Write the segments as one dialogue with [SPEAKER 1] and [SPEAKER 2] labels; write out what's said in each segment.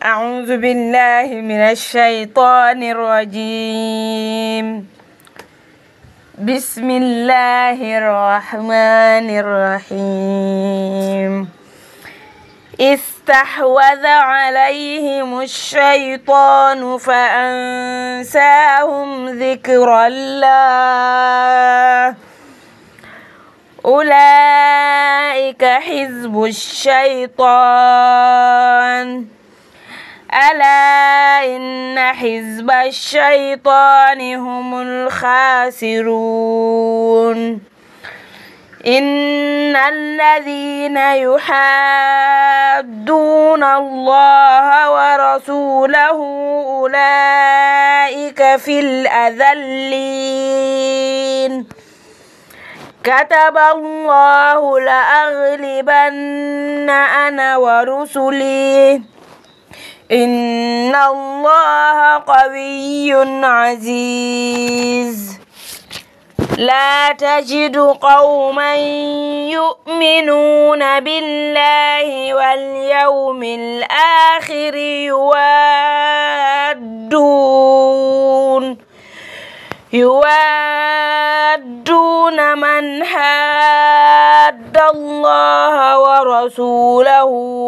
[SPEAKER 1] أعوذ بالله من الشيطان الرجيم بسم الله الرحمن الرحيم استحوذ عليهم الشيطان فأنساهم ذكر الله أولئك حزب الشيطان ألا إن حزب الشيطان هم الخاسرون إن الذين يحادون الله ورسوله أولئك في الأذلين كتب الله لأغلبن أنا ورسلي إن الله قوي عزيز لا تجد قوما يؤمنون بالله واليوم الآخر يوادون يوادون يوادون من حاد الله ورسوله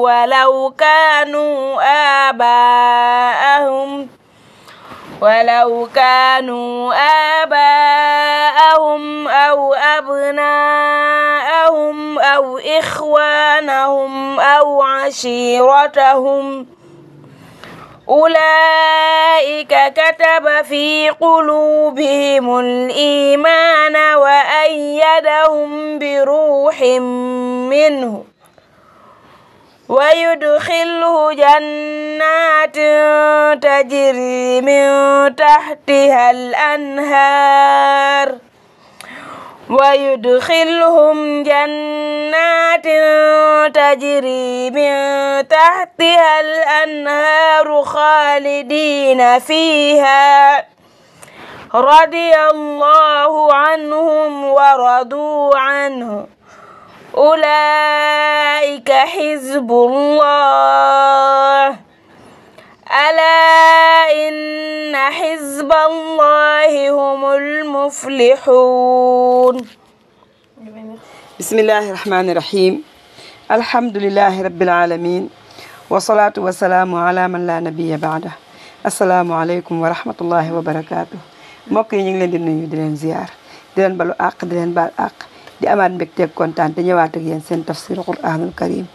[SPEAKER 1] ولو كانوا آباءهم ولو كانوا آباءهم أو أبناءهم أو إخوانهم أو عشيرتهم أولئك كتب في قلوبهم الإيمان وأيدهم بروح منه ويدخله جنات تجري من تحتها الأنهار ويدخلهم جنات تجري من تحتها الأنهار خالدين فيها رضي الله عنهم ورضوا عنه أولئك حزب الله ألا إن حزب الله هم المفلحون بسم الله
[SPEAKER 2] الرحمن الرحيم الحمد لله رب العالمين وصلاة وسلام على من لا نبي بعده السلام عليكم ورحمة الله وبركاته مكي نيغ لين دي نيو دي لين زيار دي لين بالو اق دي لين بال اق دي امان بك تي كونتان دي نيوات سين تفسير القران الكريم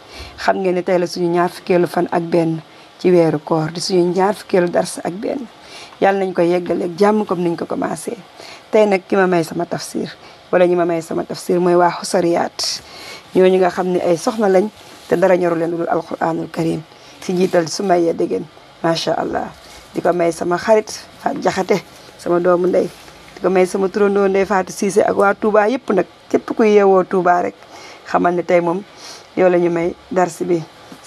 [SPEAKER 2] خم نيغي تاي لا سونو نياار فكيلو فان اك بن ci weeru koor di suñu ñaar fukkeelu dars ak benn yàlla nañ ko yeggaleeg jàmm kom niñ ko commencé tey nag ki ma may sama tafsir wala ñi ma may sama tafsir mooy waa xusariyaat ñooñu nga xam ne ay soxna lañ te dara ñoru leen dul alquranul karim ci jiital Sumayya Dégéen macha allah di ko may sama xarit Faat Jaxate sama doomu ndey di ko may sama turandoo ndey Fatou Cissé ak waa Touba yëpp nag képp kuy yeewoo Touba rek xamal ne tey moom yow la may dars bi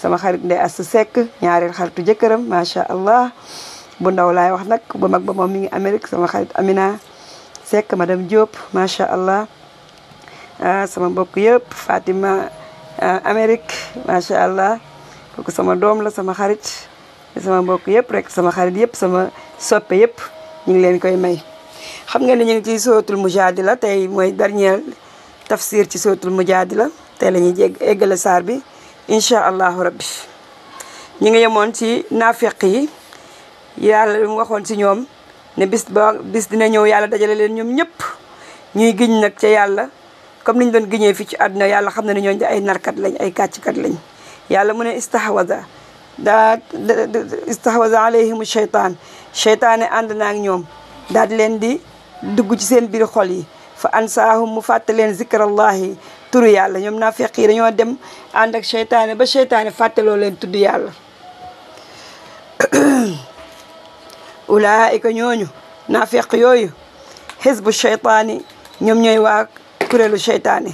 [SPEAKER 2] sama xarit ndey Assa Seck ñaareel xaritu ma sha allah bu ndaw lay wax nak bu mag ba mom mi ngi Amérique sama xarit Amina sek madame Diop sha allah ah, sama mbokk yëpp Fatima ah, Amérique sha allah kooku sama dom la sama xarit sama mbokk yëpp rek sama xarit yëpp sama soppé yëpp ñu ngi leen koy may. xam nga ni ñu ngi ci sootul mujadila tay moy dernier tafsir ci sootul mujadila tay lañu jégg égal sar bi. incha allahu rabbi ñi nga yemoon ci naafeq yi yàlla li mu waxoon ci ñoom ne bis ba bis dina ñëw yàlla dajale leen ñoom ñëpp ñuy giñ nag ca yàlla comme niñ doon giñee fii ci àdduna yàlla xam na ne ñooñu ay narkat lañ ay kàcckat lañ yàlla mu ne istahwada daa istahwada alayhim cheytaan cheytaane ànd naa ak ñoom daal di leen di dugg ci seen biir xol yi fa ansaahum mu fàtte leen zikrallahi turu yàlla ñoom naa fekk yi dañoo dem ànd ak seytaane ba seytaane fàttaloo leen tudd yàlla ulaayika ñooñu naa fekk yooyu xisbu seytaani ñoom ñooy waa kuréelu seytaane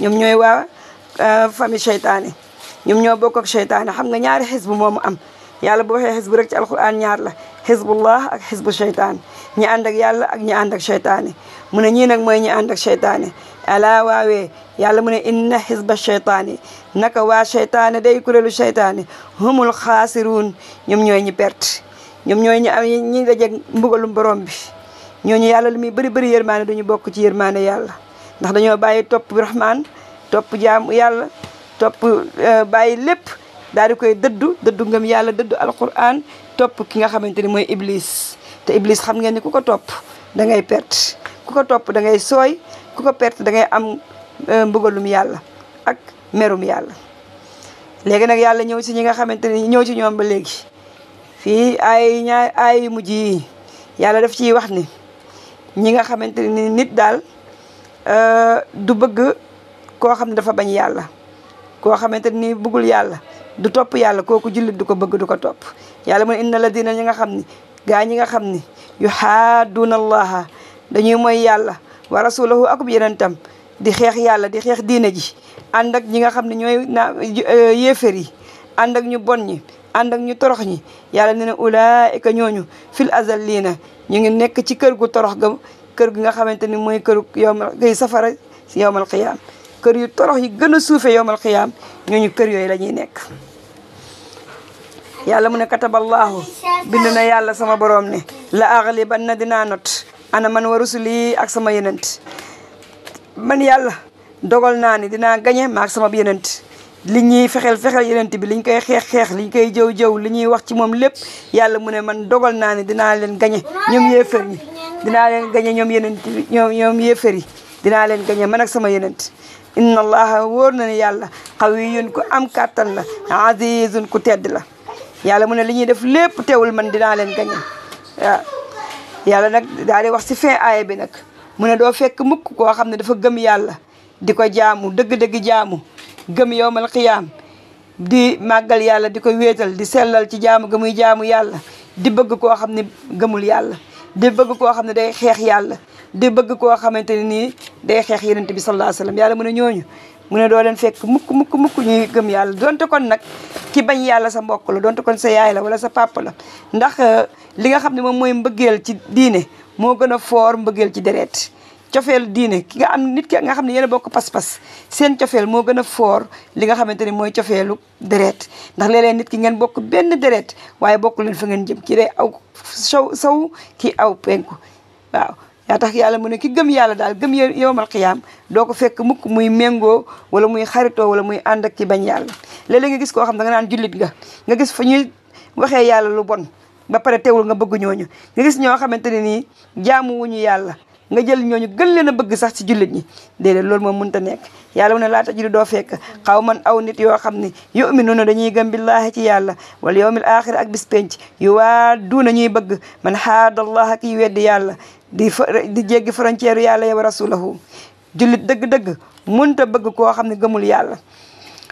[SPEAKER 2] ñoom ñooy waa euh, famille seytaane ñoom ñoo bokk ak seytaane xam nga ñaari xisbu moom am yàlla bu waxee xisbu rek ci alquran ñaar la xisbullah ak xisbu seytaane ñi ànd ak yàlla ak ñi ànd ak seytaane mu ne ñii nag mooy ñi ànd ak Ala wawe yalla mune inna hizba shaytani naka wa shaytani day kurelu shaytani humul khasirun ñom ñoy ñi perte ñom ñoy ñi am ñi dajeeg mbugalum borom bi ñooñu yàlla yalla limi bëri bëri yermane duñu bok ci yermane yalla ndax dañu baye top rahman top jam yalla top eh, baye lepp dal di koy dëddu dëddu ngam yalla dëddu alquran top ki nga xamanteni moy iblis te iblis xam ngeen ni ku top da ngay perte ku top da ngay soy ku ko perte dangay am euh, mbëggalum yàlla ak merum yàlla léegi nag yàlla ñëw si ñi nga xamante ni ñëw si ñoom ba léegi fii ay ñaar ay mujj yi yàlla def ciy wax ni ñi nga xamante ni nit daal euh, du bëgg koo xam ne dafa bañ yàlla koo xamante ni bëggul yàlla du topp yàlla kooku jullit du ko bëgg du ko topp yàlla mu ne inna la diina ñi nga xam ni gaa ñi nga xam ni yu xaaduuna allaha dañuy mooy yàlla ورسوله اك بيرنتام دي خيخ يالله دي خيخ دينه جي اندك نيغا خامن نيو ييفري اندك نيو بون ني اندك نيو تروخ ني يالله نينا اولائك ньо ญ و في الازلين نيغي نيك سي كيرغو تروخ غام كيرغيغا خامتاني موي كير يوم غي سفر يوم القيامه كير يو تروخ يي غنا سوفي يوم القيامه ньо ญ و كير يوي لاني نيك يالله مون كتب الله بيننا يالله سما بروم ني لا اغلبن دينا نوت ana man wa rusuli ak sama yenent man yàlla dogal naa ni dinaa gañe ma sama yenent li ñuy fexeel fexeel yenent bi li ñu koy xeex xeex li ñu koy jëw jëw li ñuy wax ci moom lépp yàlla mu ne man dogal naa ni dinaa leen gañe ñom yéefar yi dinaa leen gañe ñoom yenent bi ñoom ñoom yéefar yi dinaa leen gañe man ak sama yenent inna allaha wóor na ne yàlla xawiyun ku am kattan la azizun ku tedd la yàlla mu ne li ñuy def lépp teewul man dinaa leen gañe yàlla nag daal di wax ci fin aaya bi nag mu ne doo fekk mukk koo xam ne dafa gëm yàlla di ko jaamu dëgg-dëgg jaamu gëm yowmal xiyaam di màggal yàlla di ko wéetal di sellal ci jaamu ga muy jaamu yàlla di bëgg koo xam ne gëmul yàlla di bëgg koo xam ne day xeex yàlla di bëgg koo xamante ne nii day xeex yonent bi sallallahu bi wa sallam yàlla mu ne ñooñu mu ne doo leen fekk mukk mukk mukk ñuy gëm yàlla donte kon nag ki bañ yàlla sa mbokk la donte kon sa yaay la wala sa papa la ndax euh, li nga xam ne moom mooy mbëggeel ci diine moo gën a foor mbëggeel ci deret cofeel diine ki nga am nit ki nga xam ne yéen a bokk pas-pas seen cofeel moo gën a foor li nga xamante ne mooy cofeelu deret ndax léeg-léeg nit ki ngeen bokk benn deret waaye bokku leen fa ngeen jëm ki day aw saw saw kii aw penku Ya tax yalla mu ne ki gem yalla dal gem yowmal qiyam doo ko fekk mukk muy mengo wala muy xarito wala muy and ak ci bañ yalla léeg-léeg nga gis ko xam da nga nan julit nga nga gis fa ñuy waxe yalla lu bon ba pare teewul nga bëgg ñooñu nga gis ño xamanteni ni jaamu wuñu yalla nga jël ñooñu gën leena bëgg sax ci julit ñi lool mo moom ta nek yalla mu ne do fek xaw man aw nit yo xamni Yuminu dañuy gëm billahi ci yalla wal yawmil akhir ak bis penc yu wa du nañuy bëgg man xaadallaha ki wedd yalla di di jéggi frontière yàlla yow rasulahu jullit dëgg-dëgg munta bëgg koo xam ne gëmul yàlla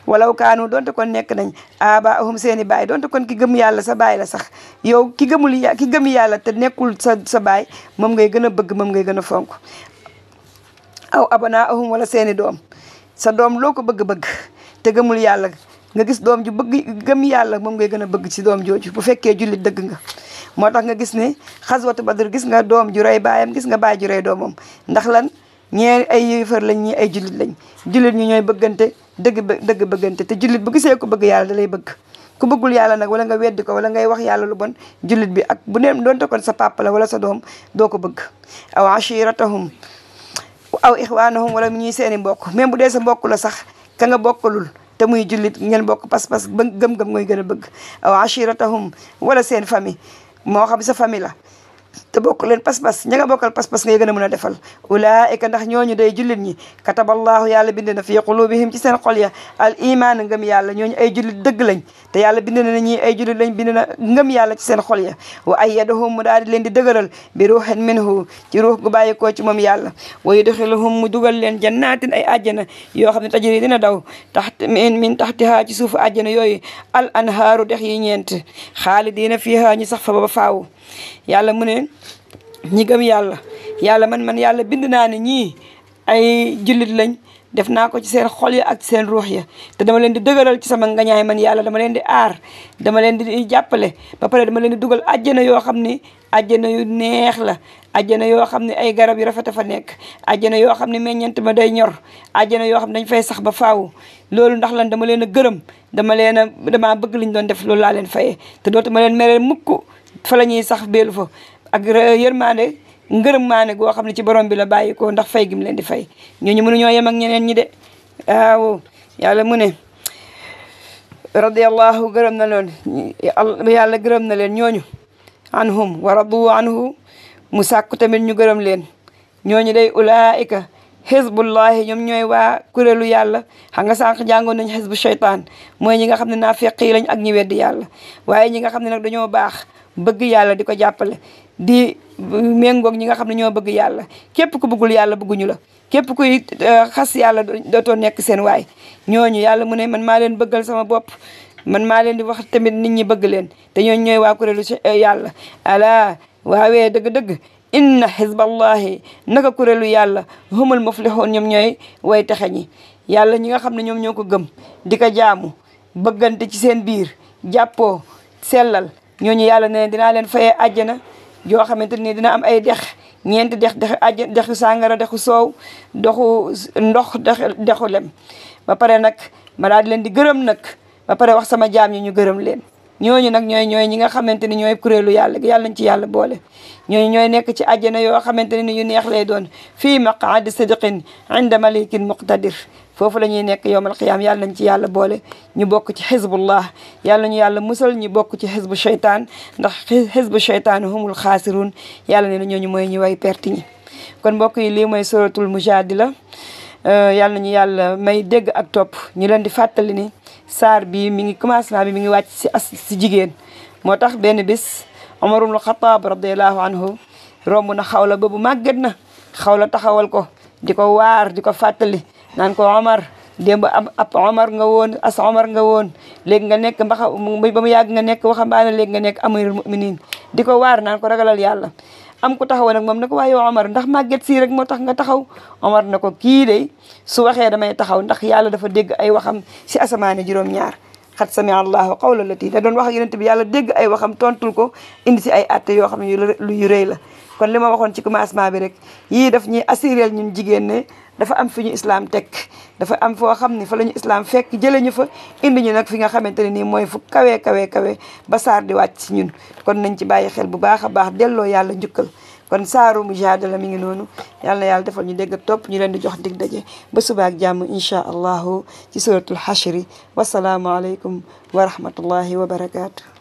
[SPEAKER 2] walaw kaanu donte kon nekk nañ aaba ahum seeni i baay donte kon ki gëm yàlla sa baay la sax yow ki gëmul ki gëm yàlla te nekkul sa sa baay moom ngay gën a bëgg moom ngay gën a fonk aw abana ahum wala seeni doom sa doom loo ko bëgg-bëgg te gëmul yàlla nga gis doom ju bëgg gëm yàlla moom ngay gën a bëgg ci doom jooju bu fekkee jullit dëgg nga moo tax nga gis ni xaswatu badr gis nga doom ju rey baayam gis nga baay ju rey doomam ndax lan ñee ay yéefar lañ ñii ay jullit lañ jullit ñi ñoy bëggante dëgg dëgg bëggante te jullit bu gisee ko bëgg yàlla da lay bëgg ku bëggul yàlla nag wala nga weddi ko wala ngay wax yàlla lu bon jullit bi ak bu neen doonte kon sa papa la wala sa doom doo ko bëgg aw ashiratahum aw ixwaanahum wala ñuy seeni mbokk même bu dee sa mbokk la sax ka nga bokkalul te muy jullit ngeen bokk pas-pas ba gëm-gëm mooy gën a bëgg aw ashiratahum wala seen famille morra ka família te bokk leen pas-pas ña nga bokkal pas-pas ngay gën a mën a defal ulaayika ndax ñooñu day jullit ñi kataballaahu yàlla bind na fi qulubihim ci seen xol ya al iman ngëm yàlla ñooñu ay jullit dëgg lañ te yàlla bind na ñi ay jullit lañ bind na ngëm yàlla ci seen xol ya wa ayyadahum mu daal di leen di dëgëral bi ruuxin minhu ci ruux gu bàyyikoo ci moom yàlla wa yudxiluhum mu dugal leen jannaatin ay àjjana yoo xam ne tajri dina daw taxt min min taxtihaa ci suuf àjjana yooyu al anhaaru dex yi ñeent xaalidiina fiihaa ñu sax fa ba faaw yalla mune ñi gëm yalla yalla man man yalla bind naa ni ñi ay julit lañ def naa ko ci seen xol ya ak seen ruh ya te dama leen di deugalal ci sama ngañaay man yalla dama leen di ar dama leen di jàppale ba pare dama leen di dugal aljana yo xamni aljana yu neex la aljana yo xamni ay garab yu rafet fa nek aljana yo xamni ne ma day ñor aljana yo xamni dañ fay sax ba faaw loolu ndax lan dama leen a dama leen dama bëgg liñ doon def loolu la leen fayé te dootuma leen mere mukk fa la ñuy sax beelu fa ak yërmande ngërëm maane goo xam ne ci borom bi la bàyyi ko ndax fay gim leen di fay ñooñu mënuñoo yem ak ñeneen ñi de waaw yàlla mu ne radiallahu gërëm na leen yàlla gërëm na leen ñooñu anhum wa radu anhu mu sàkku tamit ñu gërëm leen ñooñu day ulaika xizbullahi ñoom ñooy waa kuréelu yàlla xam nga sànq jàngoon nañ xizbu sheytaan mooy ñi ga xam ne naa feq yi lañ ak ñi weddi yàlla waaye ñi nga xam ne nag dañoo baax bëgg yàlla di ko jàppale di méngoog ñi nga xam ne ñoo bëgg yàlla képp ku bëggul yàlla bëgguñu la képp kuy eh, xas yàlla dootoo nekk seen waay ñooñu yàlla mu ne man maa leen bëggal sama bopp man maa leen di wax tamit nit ñi bëgg leen te ñooñu ñooy waa kuréelu eh, yàlla ala waawee dëgg-dëgg inna xizballahi naka kuréelu yàlla humul muflihun ñoom ñooy way texe ñi yàlla ñi nga xam ne ñoom ñoo ko gëm di ko jaamu bëggante ci seen biir jàppoo sellal ñooñu yàlla ne dinaa leen fayee àjjana yoo xamante ni dina am ay dex ñeenti dex dex àjj dexu sàngara dexu soow doxu ndox dex dexu lem ba pare nag ma daal leen di gërëm nag ba pare wax sama jaam ñi ñu gërëm leen ñooñu nag ñooy ñooy ñi nga xamante ni ñooy kuréelu yàlla yàlla nañ ci yàlla boole ñooñu ñooy nekk ci àjjana yoo xamante ne ni yu neex lay doon fii maqaadi sidqin inda malikin muqtadir fofu lañuy nek yowmal qiyam yàlla nañ ci yàlla boole ñu bokk ci hizbullah yàlla ñu yàlla musal ñu bokk ci xizbu shaytan ndax xizbu shaytan humul khasirun yàlla ne ñoo ñu moy ñu way perte ñi kon mbokk yi li moy suratul mujadila euh yàlla ñu yàlla may dégg ak top ñu leen di fatali ni sar bi mi ngi commencement bi mi ngi wàcc ci ci jigen motax ben bis umar ibn Khattab radiyallahu anhu romb na xawla bobu màgget na xawla taxawal ko diko war diko fatali naan ko Omar démb ab ab Omar nga woon as Omar nga woon léegi nga nekk mbaxa ba mu yàgg nga nekk waxambaane léegi nga nekk amirul muminin di ko waar naan ko ragalal yàlla am ku taxawoon ak moom ne ko waaye Omar ndax màgget sii rek moo tax nga taxaw Omar na ko kii de su waxee damay taxaw ndax yàlla dafa dégg ay waxam si asamaane juróom-ñaar xat sami allahu qawla lati da doon wax ak yonent bi yàlla dégg ay waxam tontul ko indi si ay atte yoo xam ne yu rëy la kon li ma waxoon ci commencement bi rek yii daf ñuy assuré ñun jigéen ne dafa am fi ñu islam teg dafa am foo xam ne fa la ñu islam fekk jële ñu fa indi ñu nag fi nga xamante ne nii mooy fu kawee kawee kawe ba saar di wàcc si ñun kon nañ ci bàyyi xel bu baax a baax delloo yàlla njukkal kon saaru mujaadala mi ngi noonu yàlla na yàlla defal ñu dégg topp ñu leen di jox dig daje ba suba ak jàmm incha allahu ci suratul xashri wasalaamualeykum wa rahmatullahi wa barakaatu.